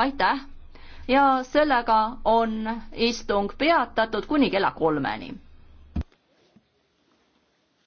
aitäh ja sellega on istung peatatud kuni kella kolmeni